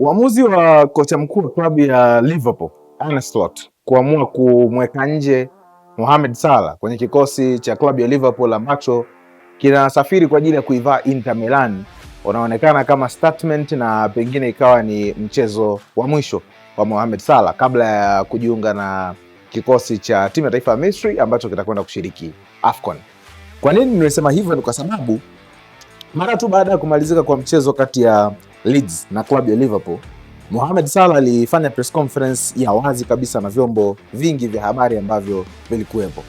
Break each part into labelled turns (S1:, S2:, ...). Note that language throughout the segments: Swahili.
S1: Uamuzi wa kocha mkuu wa klabu ya Liverpool Arne Slot kuamua kumweka nje Mohamed Salah kwenye kikosi cha klabu ya Liverpool ambacho kinasafiri kwa ajili ya kuivaa Inter Milan unaonekana kama statement na pengine ikawa ni mchezo wa mwisho wa Mohamed Salah kabla ya kujiunga na kikosi cha timu ya taifa ya Misri ambacho kitakwenda kushiriki AFCON. Kwa nini nimesema hivyo? Ni kwa sababu mara tu baada ya kumalizika kwa mchezo kati ya Leeds na klabu ya Liverpool, Mohamed Salah alifanya press conference ya wazi kabisa na vyombo vingi vya habari ambavyo vilikuwepo,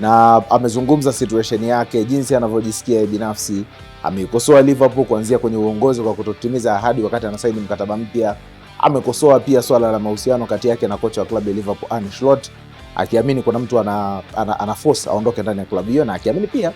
S1: na amezungumza situation yake, jinsi anavyojisikia binafsi. Ameikosoa Liverpool kuanzia kwenye uongozi kwa kutotimiza ahadi wakati anasaini mkataba mpya. Amekosoa pia swala la mahusiano kati yake na kocha wa klabu ya Liverpool Arne Slot, akiamini kuna mtu ana, ana, ana force aondoke ndani ya klabu hiyo, na akiamini pia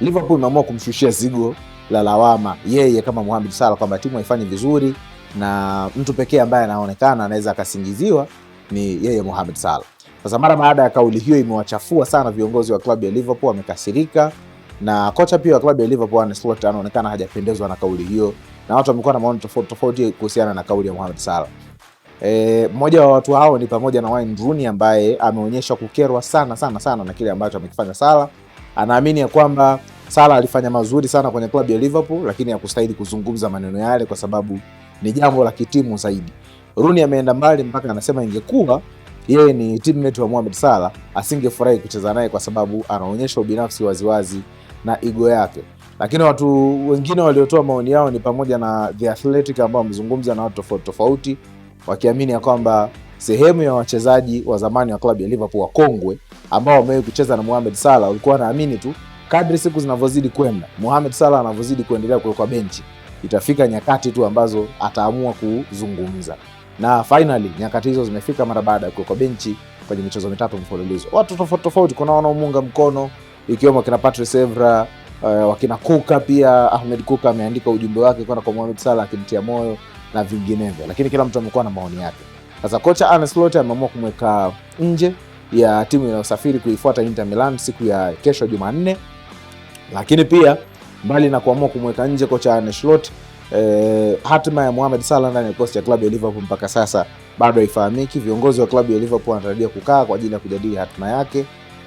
S1: Liverpool imeamua kumshushia zigo la lawama yeye kama Mohamed Salah kwamba timu haifanyi vizuri, na mtu pekee ambaye anaonekana anaweza akasingiziwa ni yeye Mohamed Salah. Sasa mara baada ya kauli hiyo imewachafua sana viongozi wa klabu ya Liverpool, wamekasirika na kocha pia wa klabu ya Liverpool Arne Slot anaonekana hajapendezwa na kauli hiyo, na watu wamekuwa na maoni tofauti tofauti kuhusiana na kauli ya Mohamed Salah. E, mmoja wa watu hao ni pamoja na Wayne Rooney ambaye ameonyesha kukerwa sana sana sana na kile ambacho amekifanya Salah. Anaamini ya kwamba Salah alifanya mazuri sana kwenye klabu ya Liverpool, lakini hakustahili kuzungumza maneno yale kwa sababu ni jambo la kitimu zaidi. Rooney ameenda mbali mpaka anasema ingekuwa yeye ni teammate wa Mohamed Salah asingefurahi kucheza naye kwa sababu anaonyesha ubinafsi waziwazi na igo yake. Lakini watu wengine waliotoa maoni yao ni pamoja na The Athletic ambao wamezungumza na watu tofauti tofauti, wakiamini ya kwamba sehemu ya wachezaji wa zamani wa klabu ya Liverpool wakongwe ambao wamewahi kucheza na Mohamed Salah walikuwa wanaamini tu kadri siku zinavyozidi kwenda, Mohamed Salah anavyozidi kuendelea kuwekwa benchi, itafika nyakati tu ambazo ataamua kuzungumza, na finally nyakati hizo zimefika mara baada ya kuwekwa benchi kwenye michezo mitatu mfululizo. Watu tofauti tofauti, kuna wanaomuunga mkono ikiwemo kina Patrice Evra uh, wakina Kuka pia. Ahmed Kuka ameandika ujumbe wake kwenda kwa Mohamed Salah akimtia moyo na vinginevyo, lakini kila mtu amekuwa na maoni yake. Sasa kocha Arne Slot ameamua kumweka nje ya timu inayosafiri kuifuata Inter Milan siku ya kesho Jumanne. Lakini pia mbali na kuamua kumweka nje kocha Arne Slot, eh, hatima ya Mohamed Salah ndani ya kikosi cha klabu ya Liverpool mpaka sasa bado haifahamiki. Viongozi wa klabu ya Liverpool wanatarajia kukaa kwa ajili ya kujadili hatima yake,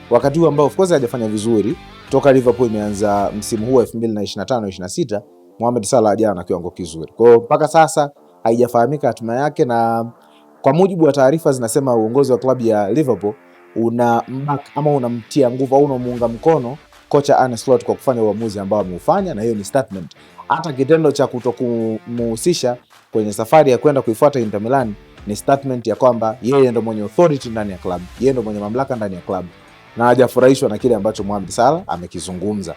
S1: wakati huu ambao of course hajafanya vizuri toka Liverpool imeanza msimu huu 2025 26 Mohamed Salah hajawa na kiwango kizuri, kwa hiyo mpaka sasa haijafahamika hatima yake, na kwa mujibu wa taarifa zinasema uongozi wa klabu ya Liverpool una mbak, ama unamtia nguvu au unamuunga mkono kocha Arne Slot kwa kufanya uamuzi ambao ameufanya, na hiyo ni statement. Hata kitendo cha kutokumhusisha kwenye safari ya kwenda kuifuata Inter Milan ni statement ya kwamba yeye ndo mwenye authority ndani ya klabu, yeye ndo mwenye mamlaka ndani ya klabu na hajafurahishwa na kile ambacho Mohamed Salah amekizungumza.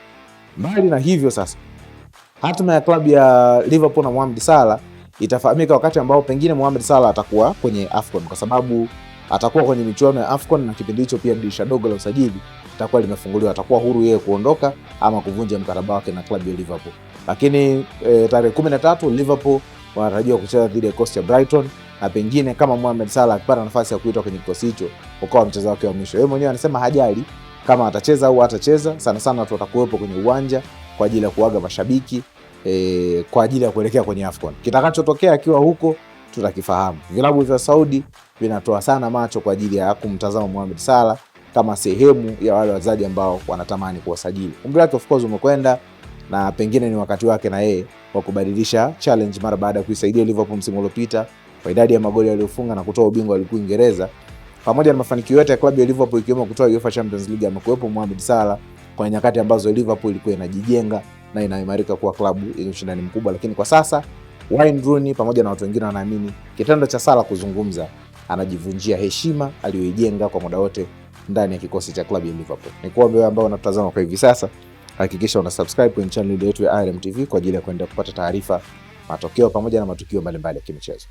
S1: Mbali na hivyo sasa, hatima ya klabu ya Liverpool na Mohamed Salah itafahamika wakati ambao pengine Mohamed Salah atakuwa kwenye AFCON, kwa sababu atakuwa kwenye michuano ya AFCON na kipindi hicho pia dirisha dogo la usajili litakuwa limefunguliwa, atakuwa huru yeye kuondoka ama kuvunja mkataba wake na klabu ya Liverpool. Lakini e, tarehe kumi na tatu Liverpool wanatarajiwa kucheza dhidi ya kikosi cha Brighton na pengine kama Mohamed Salah akipata nafasi ya kuitwa kwenye kikosi hicho ukawa mchezo wake wa mwisho. Yeye mwenyewe anasema hajali kama atacheza au atacheza, sana sana watu watakuwepo kwenye uwanja kwa ajili ya kuaga mashabiki e, kwa ajili ya kuelekea kwenye AFCON. Kitakachotokea akiwa huko tutakifahamu. Vilabu vya Saudi vinatoa sana macho kwa ajili ya kumtazama Mohamed Salah kama sehemu ya wale wachezaji ambao wanatamani kuwasajili. Umri wake of course umekwenda na pengine ni wakati wake na yeye wa kubadilisha challenge mara baada ya kuisaidia Liverpool msimu uliopita kwa idadi ya magoli aliyofunga na kutoa ubingwa wa ligi Uingereza. Pamoja na mafanikio yote ya klabu ya Liverpool ikiwemo kutoa UEFA Champions League, amekuwepo Mohamed Salah kwa nyakati ambazo Liverpool ilikuwa inajijenga na inaimarika kuwa klabu yenye ushindani mkubwa, lakini kwa sasa Wayne Rooney pamoja na watu wengine wanaamini kitendo cha Salah kuzungumza, anajivunjia heshima aliyoijenga kwa muda wote ndani ya kikosi cha klabu ya Liverpool. Ni kuombe ambao unatazama kwa hivi sasa, hakikisha una subscribe kwenye channel yetu ya IREM TV kwa ajili ya kuendelea kupata taarifa, matokeo pamoja na matukio mbalimbali ya kimichezo.